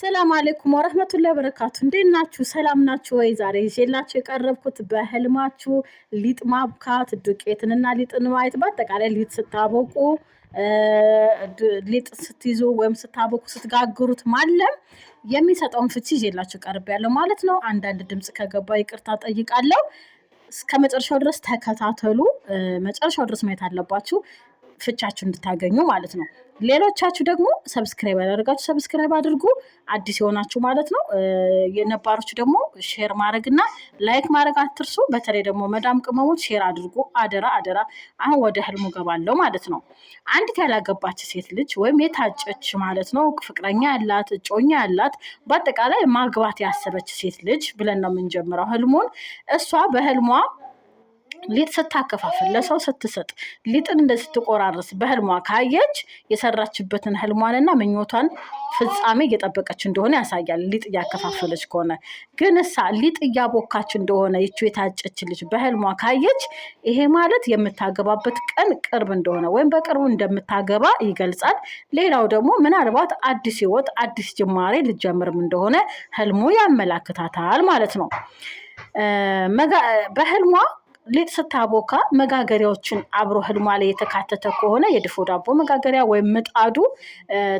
ሰላም አለይኩም ወረህመቱላ በረካቱ፣ እንዴት ናችሁ? ሰላም ናችሁ ወይ? ዛሬ ይዤላችሁ የቀረብኩት በህልማችሁ ሊጥ ማብካት፣ ዱቄትንና ሊጥን ማየት፣ በአጠቃላይ ሊጥ ስታበቁ ሊጥ ስትይዙ ወይም ስታበቁ ስትጋግሩት ማለም የሚሰጠውን ፍቺ ይዤላችሁ ቀርብ ያለው ማለት ነው። አንዳንድ ድምፅ ከገባ ይቅርታ ጠይቃለሁ። እስከ መጨረሻው ድረስ ተከታተሉ። መጨረሻው ድረስ ማየት አለባችሁ ፍቻችሁ እንድታገኙ ማለት ነው። ሌሎቻችሁ ደግሞ ሰብስክራይብ ያደርጋችሁ ሰብስክራይብ አድርጉ፣ አዲስ የሆናችሁ ማለት ነው። የነባሮች ደግሞ ሼር ማድረግ እና ላይክ ማድረግ አትርሱ። በተለይ ደግሞ መዳም ቅመሞች ሼር አድርጉ፣ አደራ አደራ። አሁን ወደ ህልሙ ገባለው ማለት ነው። አንዲት ያላገባች ሴት ልጅ ወይም የታጨች ማለት ነው፣ ፍቅረኛ ያላት፣ እጮኛ ያላት፣ በአጠቃላይ ማግባት ያሰበች ሴት ልጅ ብለን ነው የምንጀምረው ህልሙን እሷ በህልሟ ሊጥ ስታከፋፍል ለሰው ስትሰጥ ሊጥን እንደ ስትቆራርስ በህልሟ ካየች የሰራችበትን ህልሟንና ምኞቷን ፍጻሜ እየጠበቀች እንደሆነ ያሳያል። ሊጥ እያከፋፈለች ከሆነ ግን እሳ ሊጥ እያቦካች እንደሆነ ይቺ የታጨች ልጅ በህልሟ ካየች ይሄ ማለት የምታገባበት ቀን ቅርብ እንደሆነ ወይም በቅርቡ እንደምታገባ ይገልጻል። ሌላው ደግሞ ምናልባት አዲስ ህይወት፣ አዲስ ጅማሬ ልጀምርም እንደሆነ ህልሙ ያመላክታታል ማለት ነው። በህልሟ ሊጥ ስታቦካ መጋገሪያዎችን አብሮ ህልሟ ላይ የተካተተ ከሆነ የድፎ ዳቦ መጋገሪያ ወይም ምጣዱ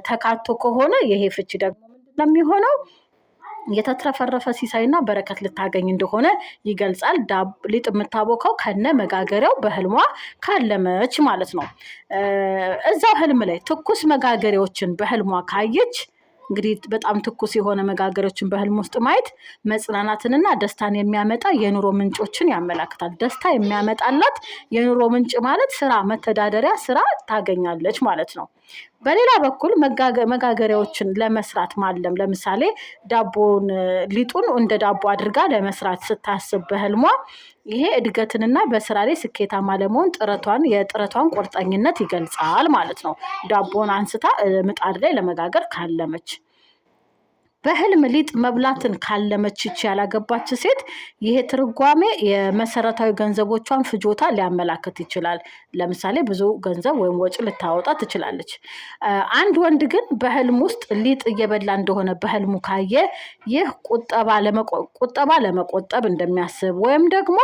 ተካቶ ከሆነ ይሄ ፍቺ ደግሞ ምንድነው የሚሆነው? የተትረፈረፈ ሲሳይና በረከት ልታገኝ እንደሆነ ይገልጻል። ሊጥ የምታቦካው ከነ መጋገሪያው በህልሟ ካለመች ማለት ነው። እዛው ህልም ላይ ትኩስ መጋገሪያዎችን በህልሟ ካየች እንግዲህ በጣም ትኩስ የሆነ መጋገሮችን በህልም ውስጥ ማየት መጽናናትንና ደስታን የሚያመጣ የኑሮ ምንጮችን ያመላክታል። ደስታ የሚያመጣላት የኑሮ ምንጭ ማለት ስራ፣ መተዳደሪያ ስራ ታገኛለች ማለት ነው። በሌላ በኩል መጋገሪያዎችን ለመስራት ማለም፣ ለምሳሌ ዳቦን ሊጡን እንደ ዳቦ አድርጋ ለመስራት ስታስብ በህልሟ ይሄ እድገትንና በስራ ላይ ስኬታማ ለመሆን ጥረቷን የጥረቷን ቁርጠኝነት ይገልጻል ማለት ነው። ዳቦን አንስታ ምጣድ ላይ ለመጋገር ካለመች በህልም ሊጥ መብላትን ካለመችች ያላገባች ሴት ይሄ ትርጓሜ የመሰረታዊ ገንዘቦቿን ፍጆታ ሊያመላክት ይችላል። ለምሳሌ ብዙ ገንዘብ ወይም ወጪ ልታወጣ ትችላለች። አንድ ወንድ ግን በህልም ውስጥ ሊጥ እየበላ እንደሆነ በህልሙ ካየ ይህ ቁጠባ ለመቆጠብ እንደሚያስብ ወይም ደግሞ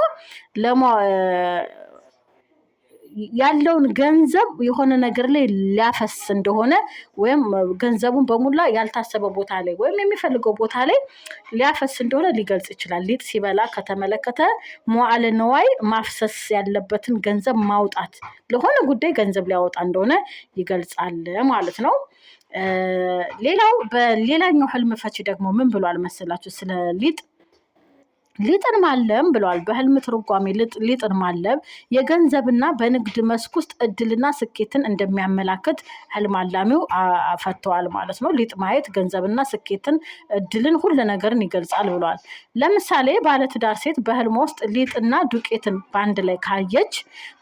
ያለውን ገንዘብ የሆነ ነገር ላይ ሊያፈስ እንደሆነ ወይም ገንዘቡን በሙላ ያልታሰበ ቦታ ላይ ወይም የሚፈልገው ቦታ ላይ ሊያፈስ እንደሆነ ሊገልጽ ይችላል። ሊጥ ሲበላ ከተመለከተ መዋዕለ ነዋይ ማፍሰስ ያለበትን ገንዘብ ማውጣት፣ ለሆነ ጉዳይ ገንዘብ ሊያወጣ እንደሆነ ይገልጻል ማለት ነው። ሌላው በሌላኛው ህልም ፈቺ ደግሞ ምን ብሏል መሰላችሁ ስለ ሊጥ ሊጥን ማለም ብለዋል። በህልም ትርጓሜ ሊጥን ማለም የገንዘብና በንግድ መስክ ውስጥ እድልና ስኬትን እንደሚያመላክት ህልም አላሚው ፈተዋል ማለት ነው። ሊጥ ማየት ገንዘብና ስኬትን፣ እድልን፣ ሁሉ ነገርን ይገልጻል ብለዋል። ለምሳሌ ባለትዳር ሴት በህልም ውስጥ ሊጥና ዱቄትን በአንድ ላይ ካየች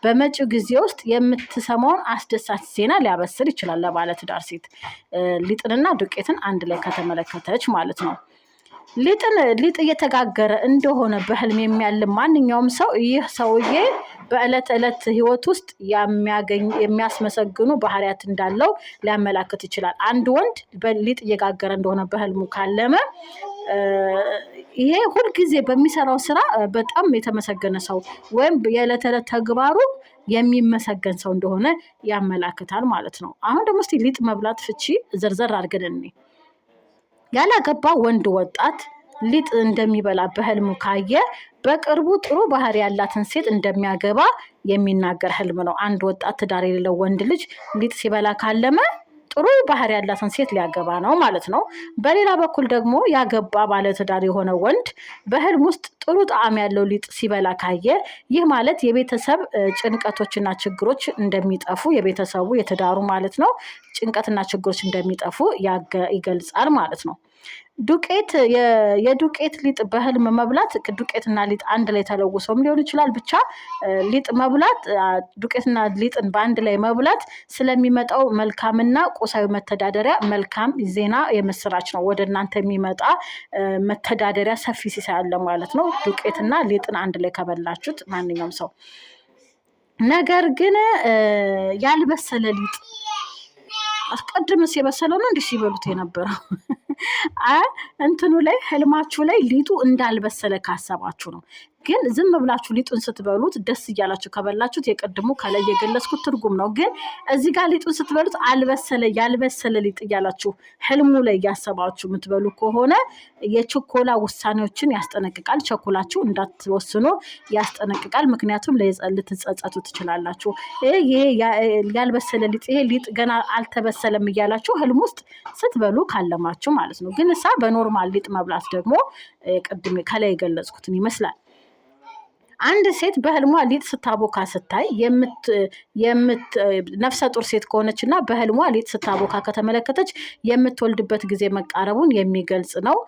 በመጪው ጊዜ ውስጥ የምትሰማውን አስደሳች ዜና ሊያበስር ይችላል። ለባለትዳር ሴት ሊጥንና ዱቄትን አንድ ላይ ከተመለከተች ማለት ነው። ሊጥን ሊጥ እየተጋገረ እንደሆነ በህልም የሚያልም ማንኛውም ሰው ይህ ሰውዬ በዕለት ዕለት ህይወት ውስጥ የሚያስመሰግኑ ባህሪያት እንዳለው ሊያመላክት ይችላል። አንድ ወንድ በሊጥ እየጋገረ እንደሆነ በህልሙ ካለመ ይሄ ሁልጊዜ በሚሰራው ስራ በጣም የተመሰገነ ሰው ወይም የዕለት ዕለት ተግባሩ የሚመሰገን ሰው እንደሆነ ያመላክታል ማለት ነው። አሁን ደግሞ እስኪ ሊጥ መብላት ፍቺ ዝርዝር አድርገን እኔ ያላገባ ወንድ ወጣት ሊጥ እንደሚበላ በህልሙ ካየ በቅርቡ ጥሩ ባህሪ ያላትን ሴት እንደሚያገባ የሚናገር ህልም ነው። አንድ ወጣት ትዳር የሌለው ወንድ ልጅ ሊጥ ሲበላ ካለመ ጥሩ ባህሪ ያላትን ሴት ሊያገባ ነው ማለት ነው። በሌላ በኩል ደግሞ ያገባ ባለትዳር የሆነ ወንድ በህልም ውስጥ ጥሩ ጣዕም ያለው ሊጥ ሲበላ ካየ ይህ ማለት የቤተሰብ ጭንቀቶችና ችግሮች እንደሚጠፉ የቤተሰቡ የትዳሩ ማለት ነው ጭንቀትና ችግሮች እንደሚጠፉ ይገልጻል ማለት ነው። ዱቄት የዱቄት ሊጥ በህልም መብላት ዱቄትና ሊጥ አንድ ላይ ተለውሰውም ሊሆን ይችላል። ብቻ ሊጥ መብላት ዱቄትና ሊጥን በአንድ ላይ መብላት ስለሚመጣው መልካምና ቁሳዊ መተዳደሪያ መልካም ዜና የምስራች ነው። ወደ እናንተ የሚመጣ መተዳደሪያ ሰፊ ሲሳይ አለ ማለት ነው። ዱቄትና ሊጥን አንድ ላይ ከበላችሁት ማንኛውም ሰው ነገር ግን ያልበሰለ ሊጥ አስቀድምስ የበሰለው ነው እንዲህ ሲበሉት የነበረው እንትኑ ላይ ህልማችሁ ላይ ሊጡ እንዳልበሰለ ካሰባችሁ ነው። ግን ዝም ብላችሁ ሊጡን ስትበሉት ደስ እያላችሁ ከበላችሁት የቀድሞ ከላይ የገለጽኩት ትርጉም ነው። ግን እዚህ ጋር ሊጡን ስትበሉት አልበሰለ ያልበሰለ ሊጥ እያላችሁ ህልሙ ላይ እያሰባችሁ የምትበሉ ከሆነ የችኮላ ውሳኔዎችን ያስጠነቅቃል። ቸኮላችሁ እንዳትወስኑ ያስጠነቅቃል። ምክንያቱም ልትጸጸቱ ትችላላችሁ። ይሄ ያልበሰለ ሊጥ ይሄ ሊጥ ገና አልተበሰለም እያላችሁ ህልም ውስጥ ስትበሉ ካለማችሁ ማለት ነው። ግን እሳ በኖርማል ሊጥ መብላት ደግሞ ቅድም ከላይ የገለጽኩትን ይመስላል። አንድ ሴት በህልሟ ሊጥ ስታቦካ ስታይ ነፍሰ ጡር ሴት ከሆነች እና በህልሟ ሊጥ ስታቦካ ከተመለከተች የምትወልድበት ጊዜ መቃረቡን የሚገልጽ ነው።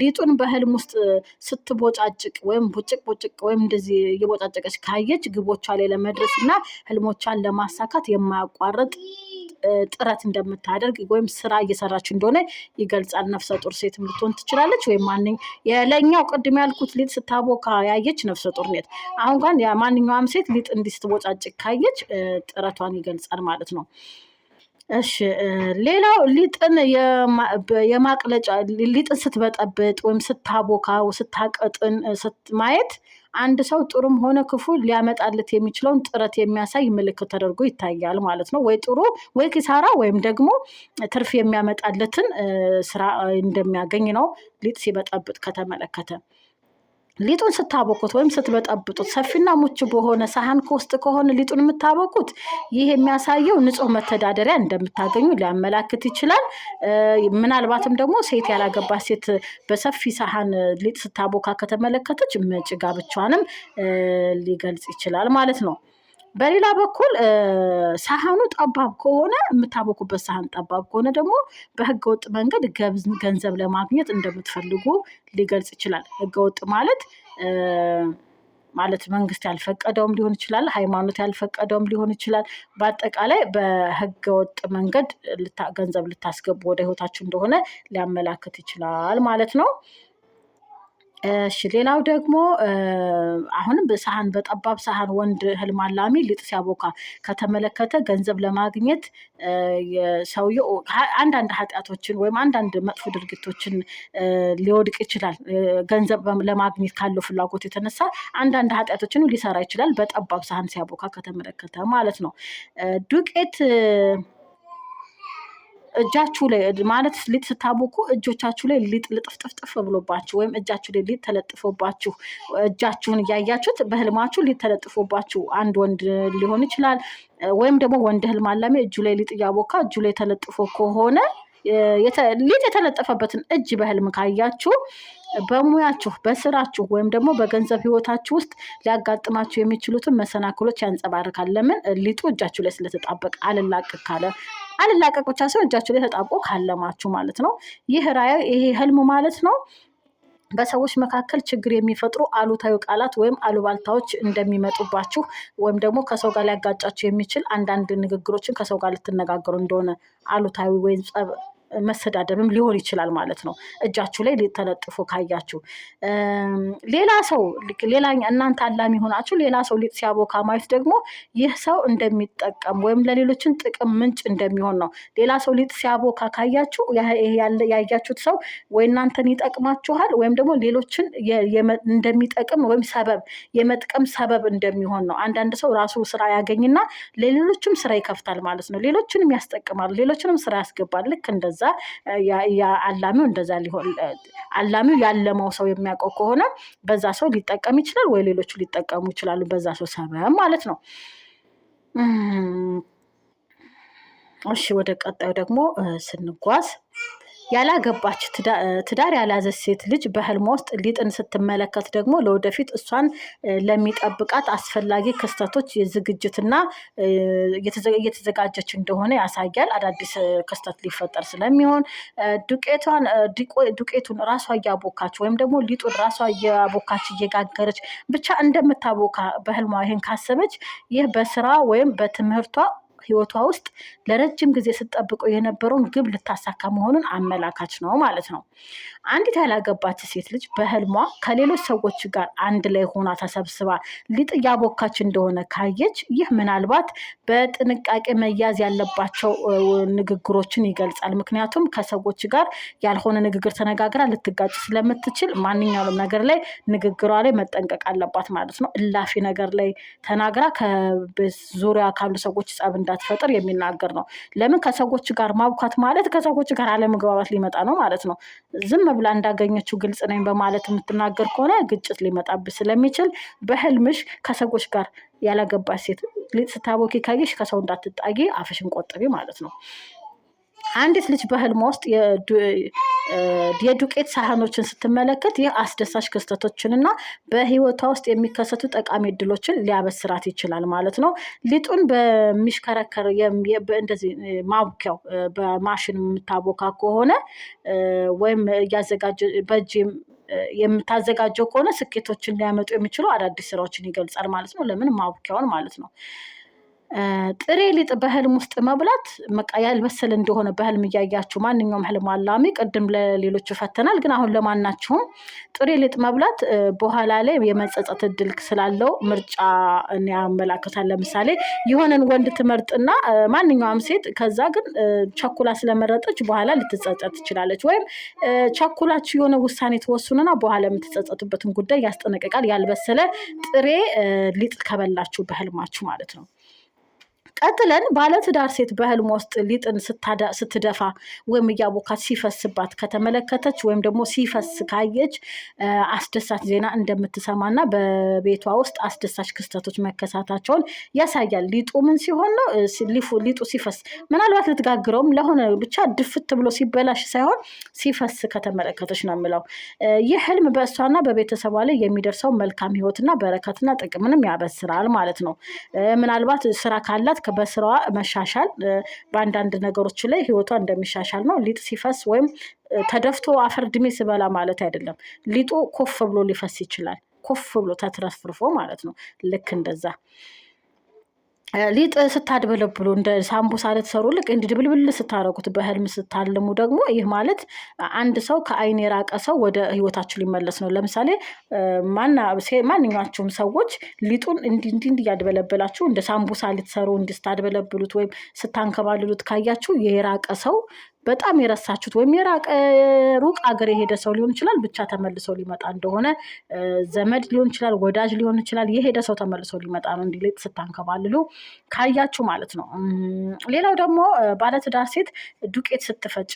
ሊጡን በህልም ውስጥ ስትቦጫጭቅ ወይም ቡጭቅ ቡጭቅ ወይም እንደዚህ እየቦጫጭቀች ካየች ግቦቿ ላይ ለመድረስ እና ህልሞቿን ለማሳካት የማያቋርጥ ጥረት እንደምታደርግ ወይም ስራ እየሰራች እንደሆነ ይገልጻል። ነፍሰ ጡር ሴትም ልትሆን ትችላለች። ወይም ማንኝ የለኛው ቅድም ያልኩት ሊጥ ስታቦካ ያየች ነፍሰ ጡር ነት። አሁን ጋር ማንኛውም ሴት ሊጥ እንዲስትቦጫጭቅ ካየች ጥረቷን ይገልጻል ማለት ነው። እሺ ሌላው ሊጥን የማቅለጫ ሊጥን ስትበጠብጥ ወይም ስታቦካ ስታቀጥን ማየት አንድ ሰው ጥሩም ሆነ ክፉ ሊያመጣለት የሚችለውን ጥረት የሚያሳይ ምልክት ተደርጎ ይታያል ማለት ነው። ወይ ጥሩ ወይ ኪሳራ ወይም ደግሞ ትርፍ የሚያመጣለትን ስራ እንደሚያገኝ ነው ሊጥ ሲበጠብጥ ከተመለከተ ሊጡን ስታበቁት ወይም ስትበጠብጡት ሰፊና ሙች በሆነ ሳህን ከውስጥ ከሆነ ሊጡን የምታቦኩት ይህ የሚያሳየው ንጹህ መተዳደሪያ እንደምታገኙ ሊያመላክት ይችላል። ምናልባትም ደግሞ ሴት ያላገባ ሴት በሰፊ ሳህን ሊጥ ስታቦካ ከተመለከተች መጭ ጋብቻዋንም ሊገልጽ ይችላል ማለት ነው። በሌላ በኩል ሳህኑ ጠባብ ከሆነ የምታበኩበት ሳህን ጠባብ ከሆነ ደግሞ በህገወጥ መንገድ ገንዘብ ለማግኘት እንደምትፈልጉ ሊገልጽ ይችላል። ህገወጥ ማለት ማለት መንግስት ያልፈቀደውም ሊሆን ይችላል፣ ሃይማኖት ያልፈቀደውም ሊሆን ይችላል። በአጠቃላይ በህገወጥ መንገድ ገንዘብ ልታስገቡ ወደ ህይወታችሁ እንደሆነ ሊያመላክት ይችላል ማለት ነው። እሺ ሌላው ደግሞ አሁንም በሳህን በጠባብ ሳህን ወንድ ህልም አላሚ ሊጥ ሲያቦካ ከተመለከተ ገንዘብ ለማግኘት ሰውየው አንዳንድ ኃጢአቶችን ወይም አንዳንድ መጥፎ ድርጊቶችን ሊወድቅ ይችላል። ገንዘብ ለማግኘት ካለው ፍላጎት የተነሳ አንዳንድ ኃጢአቶችን ሊሰራ ይችላል። በጠባብ ሳህን ሲያቦካ ከተመለከተ ማለት ነው። ዱቄት እጃችሁ ላይ ማለት ሊጥ ስታቦኩ እጆቻችሁ ላይ ሊጥ ልጥፍጥፍጥፍ ብሎባችሁ ወይም እጃችሁ ላይ ሊጥ ተለጥፎባችሁ እጃችሁን እያያችሁት በህልማችሁ ሊጥ ተለጥፎባችሁ አንድ ወንድ ሊሆን ይችላል ወይም ደግሞ ወንድ ህልም አላሚ እጁ ላይ ሊጥ እያቦካ እጁ ላይ ተለጥፎ ከሆነ ሊጥ የተለጠፈበትን እጅ በህልም ካያችሁ በሙያችሁ በስራችሁ ወይም ደግሞ በገንዘብ ህይወታችሁ ውስጥ ሊያጋጥማችሁ የሚችሉትን መሰናክሎች ያንጸባርቃል። ለምን ሊጡ እጃችሁ ላይ ስለተጣበቀ አልላቅ ካለ አልላቀቅ ብቻ ሲሆን እጃችሁ ላይ ተጣብቆ ካለማችሁ ማለት ነው። ይህ ራእይ ይሄ ህልም ማለት ነው። በሰዎች መካከል ችግር የሚፈጥሩ አሉታዊ ቃላት ወይም አሉባልታዎች እንደሚመጡባችሁ ወይም ደግሞ ከሰው ጋር ሊያጋጫችሁ የሚችል አንዳንድ ንግግሮችን ከሰው ጋር ልትነጋገሩ እንደሆነ አሉታዊ ወይም ጸብ መሰዳደብም ሊሆን ይችላል ማለት ነው። እጃችሁ ላይ ተለጥፎ ካያችሁ ሌላ ሰው ሌላ እናንተ አላሚ ሆናችሁ ሌላ ሰው ሊጥ ሲያቦካ ማየት ደግሞ ይህ ሰው እንደሚጠቀም ወይም ለሌሎችን ጥቅም ምንጭ እንደሚሆን ነው። ሌላ ሰው ሊጥ ሲያቦካ ካያችሁ ያያችሁት ሰው ወይ እናንተን ይጠቅማችኋል ወይም ደግሞ ሌሎችን እንደሚጠቅም ወይም ሰበብ የመጥቀም ሰበብ እንደሚሆን ነው። አንዳንድ ሰው ራሱ ስራ ያገኝና ለሌሎችም ስራ ይከፍታል ማለት ነው። ሌሎችንም ያስጠቅማል፣ ሌሎችንም ስራ ያስገባል። ልክ እንደዚ ከዛ አላሚው እንደዛ ሊሆን አላሚው ያለመው ሰው የሚያውቀው ከሆነ በዛ ሰው ሊጠቀም ይችላል ወይ ሌሎቹ ሊጠቀሙ ይችላሉ በዛ ሰው ሰበብ ማለት ነው። እሺ ወደ ቀጣዩ ደግሞ ስንጓዝ ያላገባች ትዳር ያልያዘች ሴት ልጅ በህልሟ ውስጥ ሊጥን ስትመለከት ደግሞ ለወደፊት እሷን ለሚጠብቃት አስፈላጊ ክስተቶች የዝግጅትና እየተዘጋጀች እንደሆነ ያሳያል። አዳዲስ ክስተት ሊፈጠር ስለሚሆን ዱቄቱን ራሷ እያቦካች ወይም ደግሞ ሊጡን ራሷ እያቦካች እየጋገረች ብቻ እንደምታቦካ በህልሟ ይህን ካሰበች ይህ በስራ ወይም በትምህርቷ ህይወቷ ውስጥ ለረጅም ጊዜ ስትጠብቀው የነበረውን ግብ ልታሳካ መሆኑን አመላካች ነው ማለት ነው። አንዲት ያላገባች ሴት ልጅ በህልሟ ከሌሎች ሰዎች ጋር አንድ ላይ ሆና ተሰብስባ ሊጥ እያቦካች እንደሆነ ካየች ይህ ምናልባት በጥንቃቄ መያዝ ያለባቸው ንግግሮችን ይገልጻል። ምክንያቱም ከሰዎች ጋር ያልሆነ ንግግር ተነጋግራ ልትጋጭ ስለምትችል ማንኛውም ነገር ላይ ንግግሯ ላይ መጠንቀቅ አለባት ማለት ነው። እላፊ ነገር ላይ ተናግራ ከዙሪያ ካሉ ሰዎች ጸብ እንዳ እንዳትፈጥር የሚናገር ነው። ለምን ከሰዎች ጋር ማቡካት ማለት ከሰዎች ጋር አለመግባባት ሊመጣ ነው ማለት ነው። ዝም ብላ እንዳገኘችው ግልጽ ነኝ በማለት የምትናገር ከሆነ ግጭት ሊመጣብሽ ስለሚችል በህልምሽ ከሰዎች ጋር ያላገባች ሴት ስታቦኪ ካየሽ ከሰው እንዳትጣጊ አፍሽን ቆጥቢ ማለት ነው። አንዲት ልጅ በህልሟ ውስጥ የዱቄት ሳህኖችን ስትመለከት ይህ አስደሳች ክስተቶችንና በህይወቷ ውስጥ የሚከሰቱ ጠቃሚ እድሎችን ሊያበስራት ይችላል ማለት ነው። ሊጡን በሚሽከረከር እንደዚህ ማቡኪያው በማሽን የምታቦካ ከሆነ ወይም እያዘጋጀ በእጅ የምታዘጋጀው ከሆነ ስኬቶችን ሊያመጡ የሚችሉ አዳዲስ ስራዎችን ይገልጻል ማለት ነው። ለምን ማቡኪያውን ማለት ነው። ጥሬ ሊጥ በህልም ውስጥ መብላት በቃ ያልበሰለ እንደሆነ በህልም እያያችሁ ማንኛውም ህልም አላሚ ቅድም ለሌሎች ፈተናል፣ ግን አሁን ለማናችሁም ጥሬ ሊጥ መብላት በኋላ ላይ የመጸጸት እድል ስላለው ምርጫ ያመላክታል። ለምሳሌ የሆነን ወንድ ትመርጥና ማንኛውም ሴት ከዛ ግን ቸኩላ ስለመረጠች በኋላ ልትጸጸት ትችላለች። ወይም ቸኩላችሁ የሆነ ውሳኔ ትወስኑና በኋላ የምትጸጸቱበትን ጉዳይ ያስጠነቅቃል። ያልበሰለ ጥሬ ሊጥ ከበላችሁ በህልማችሁ ማለት ነው። ቀጥለን ባለትዳር ሴት በህልም ውስጥ ሊጥን ስትደፋ ወይም እያቦካት ሲፈስባት ከተመለከተች ወይም ደግሞ ሲፈስ ካየች አስደሳች ዜና እንደምትሰማና በቤቷ ውስጥ አስደሳች ክስተቶች መከሳታቸውን ያሳያል። ሊጡ ምን ሲሆን ነው? ሊጡ ሲፈስ ምናልባት ልትጋግረውም ለሆነ ብቻ ድፍት ብሎ ሲበላሽ ሳይሆን ሲፈስ ከተመለከተች ነው የምለው። ይህ ህልም በእሷና በቤተሰቧ ላይ የሚደርሰው መልካም ህይወትና በረከትና ጥቅምንም ያበስራል ማለት ነው። ምናልባት ስራ ካላት በስራዋ መሻሻል በአንዳንድ ነገሮች ላይ ህይወቷ እንደሚሻሻል ነው። ሊጥ ሲፈስ ወይም ተደፍቶ አፈር ድሜ ስበላ ማለት አይደለም። ሊጡ ኮፍ ብሎ ሊፈስ ይችላል። ኮፍ ብሎ ተትረፍርፎ ማለት ነው። ልክ እንደዛ ሊጥ ስታድበለብሉ እንደ ሳምቡሳ ልትሰሩ ልቅ እንዲ ድብልብል ስታረጉት በህልም ስታልሙ ደግሞ ይህ ማለት አንድ ሰው ከአይን የራቀ ሰው ወደ ህይወታችሁ ሊመለስ ነው። ለምሳሌ ማንኛቸውም ሰዎች ሊጡን እንዲ እንዲ እንዲ እያድበለበላችሁ እንደ ሳምቡሳ ልትሰሩ እንዲ ስታድበለብሉት ወይም ስታንከባልሉት ካያችሁ የራቀ ሰው በጣም የረሳችሁት ወይም የራቀ ሩቅ አገር የሄደ ሰው ሊሆን ይችላል። ብቻ ተመልሶ ሊመጣ እንደሆነ ዘመድ ሊሆን ይችላል፣ ወዳጅ ሊሆን ይችላል። የሄደ ሰው ተመልሶ ሊመጣ ነው እንዲ ስታንከባልሉ ካያችሁ ማለት ነው። ሌላው ደግሞ ባለትዳር ሴት ዱቄት ስትፈጭ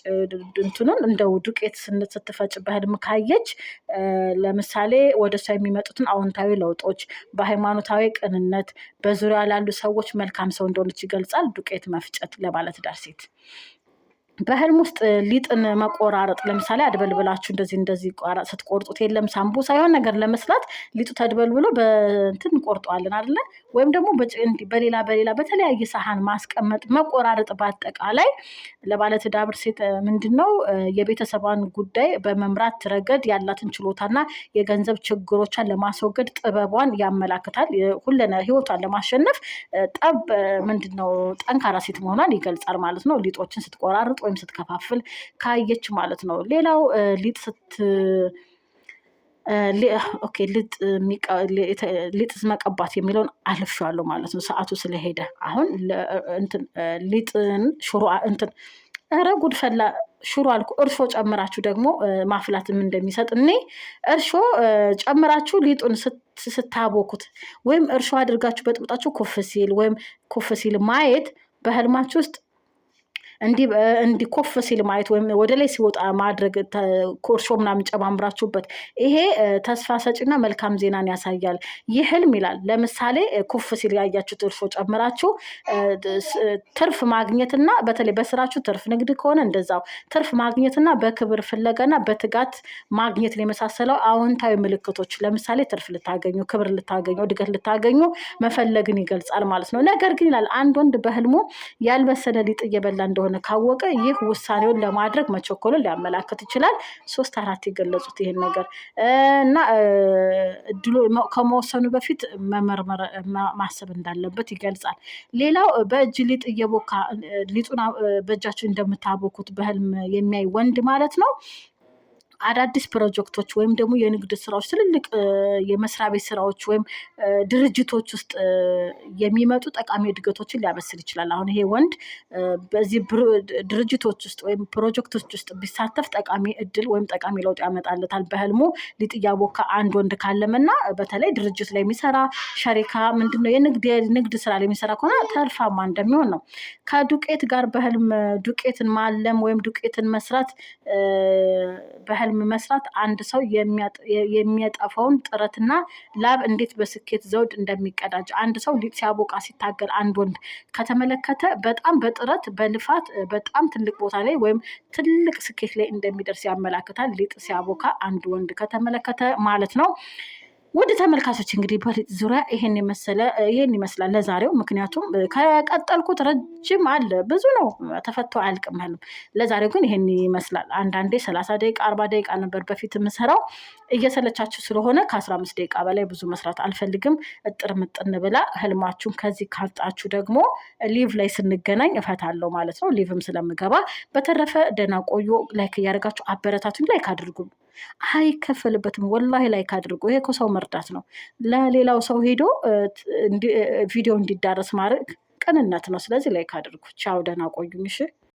እንትኑን እንደው ዱቄት ስትፈጭ በህልም ካየች ለምሳሌ ወደ እሷ የሚመጡትን አዎንታዊ ለውጦች በሃይማኖታዊ ቅንነት፣ በዙሪያ ላሉ ሰዎች መልካም ሰው እንደሆነች ይገልጻል። ዱቄት መፍጨት ለባለትዳር ሴት በህልም ውስጥ ሊጥን መቆራረጥ ለምሳሌ አድበልብላችሁ እንደዚህ እንደዚህ ስትቆርጡት የለም ሳምቦ ሳይሆን ነገር ለመስራት ሊጡ ተድበልብሎ በእንትን እንቆርጠዋለን አይደለ? ወይም ደግሞ በሌላ በሌላ በተለያየ ሳህን ማስቀመጥ መቆራረጥ፣ በአጠቃላይ ለባለትዳር ሴት ምንድን ነው የቤተሰቧን ጉዳይ በመምራት ረገድ ያላትን ችሎታና የገንዘብ ችግሮቿን ለማስወገድ ጥበቧን ያመላክታል። ሁለነ ህይወቷን ለማሸነፍ ጠብ ምንድን ነው ጠንካራ ሴት መሆኗን ይገልጻል ማለት ነው። ሊጦችን ስትቆራርጥ ወይም ስትከፋፍል ካየች ማለት ነው። ሌላው ሊጥ ስት ሊጥ መቀባት የሚለውን አልፌዋለሁ ማለት ነው። ሰዓቱ ስለሄደ አሁን ሊጥን ሽሮ እንትን ኧረ ጉድ ፈላ ሽሮ አልኩ። እርሾ ጨምራችሁ ደግሞ ማፍላትም እንደሚሰጥ እኔ እርሾ ጨምራችሁ ሊጡን ስታቦኩት ወይም እርሾ አድርጋችሁ በጥብጣችሁ ኩፍ ሲል ወይም ኩፍ ሲል ማየት በህልማችሁ ውስጥ እንዲኮፍ ሲል ማየት ወይም ወደ ላይ ሲወጣ ማድረግ ኮርሾ ምናምን ጨማምራችሁበት፣ ይሄ ተስፋ ሰጪና መልካም ዜናን ያሳያል። ይህ ህልም ይላል። ለምሳሌ ኮፍ ሲል ያያችሁት እርሾ ጨምራችሁ ትርፍ ማግኘትና በተለይ በስራችሁ ትርፍ ንግድ ከሆነ እንደዛው ትርፍ ማግኘትና በክብር ፍለጋና በትጋት ማግኘትን የመሳሰለው አዎንታዊ ምልክቶች፣ ለምሳሌ ትርፍ ልታገኙ፣ ክብር ልታገኙ፣ እድገት ልታገኙ መፈለግን ይገልጻል ማለት ነው። ነገር ግን ይላል አንድ ወንድ በህልሙ ያልበሰለ ሊጥ እየበላ እንደሆነ እንደሆነ ካወቀ ይህ ውሳኔውን ለማድረግ መቸኮሉን ሊያመላክት ይችላል። ሶስት አራት የገለጹት ይህን ነገር እና እድሉ ከመወሰኑ በፊት መመርመር ማሰብ እንዳለበት ይገልጻል። ሌላው በእጅ ሊጥ እየቦካ ሊጡን በእጃችሁ እንደምታቦኩት በህልም የሚያይ ወንድ ማለት ነው። አዳዲስ ፕሮጀክቶች ወይም ደግሞ የንግድ ስራዎች፣ ትልልቅ የመስሪያ ቤት ስራዎች ወይም ድርጅቶች ውስጥ የሚመጡ ጠቃሚ እድገቶችን ሊያበስል ይችላል። አሁን ይሄ ወንድ በዚህ ድርጅቶች ውስጥ ወይም ፕሮጀክቶች ውስጥ ቢሳተፍ ጠቃሚ እድል ወይም ጠቃሚ ለውጥ ያመጣለታል። በህልሙ ሊጥ እያቦካ አንድ ወንድ ካለምና በተለይ ድርጅት ላይ የሚሰራ ሸሪካ ምንድነው የንግድ ስራ ላይ የሚሰራ ከሆነ ተርፋማ እንደሚሆን ነው። ከዱቄት ጋር በህልም ዱቄትን ማለም ወይም ዱቄትን መስራት በህልም በህልም መስራት አንድ ሰው የሚያጠፈውን ጥረትና ላብ እንዴት በስኬት ዘውድ እንደሚቀዳጅ አንድ ሰው ሊጥ ሲያቦቃ ሲታገል አንድ ወንድ ከተመለከተ በጣም በጥረት በልፋት በጣም ትልቅ ቦታ ላይ ወይም ትልቅ ስኬት ላይ እንደሚደርስ ያመላክታል። ሊጥ ሲያቦካ አንድ ወንድ ከተመለከተ ማለት ነው። ወደ ተመልካቾች እንግዲህ በሪጥ ዙሪያ ይሄን የመሰለ ይሄን ይመስላል ለዛሬው። ምክንያቱም ከቀጠልኩት ረጅም አለ ብዙ ነው ተፈቶ አያልቅም። ለዛሬው ግን ይሄን ይመስላል። አንዳንዴ ሰላሳ ደቂቃ አርባ ደቂቃ ነበር በፊት የምሰራው። እየሰለቻችሁ ስለሆነ ከአስራ አምስት ደቂቃ በላይ ብዙ መስራት አልፈልግም። እጥር ምጥን ብላ ህልማችሁን ከዚህ ካጣችሁ ደግሞ ሊቭ ላይ ስንገናኝ እፈታለሁ ማለት ነው። ሊቭም ስለምገባ በተረፈ ደህና ቆዩ። ላይክ እያደረጋችሁ አበረታቱኝ። ላይክ አድርጉም። አይከፈልበትም። ወላሂ ላይክ አድርጎ ይሄ እኮ ሰው መርዳት ነው። ለሌላው ሰው ሄዶ ቪዲዮ እንዲዳረስ ማድረግ ቅንነት ነው። ስለዚህ ላይክ አድርጉ። ቻው፣ ደህና ቆዩኝ።